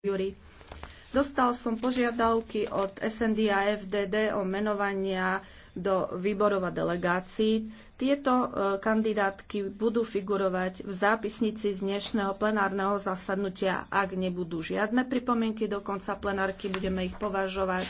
Juri. Dostal som požiadavky od SND a FDD o menovania do výborov a delegácií. Tieto e, kandidátky budú figurovať v zápisnici z dnešného plenárneho zasadnutia. Ak nebudú žiadne pripomienky do konca plenárky, budeme ich považovať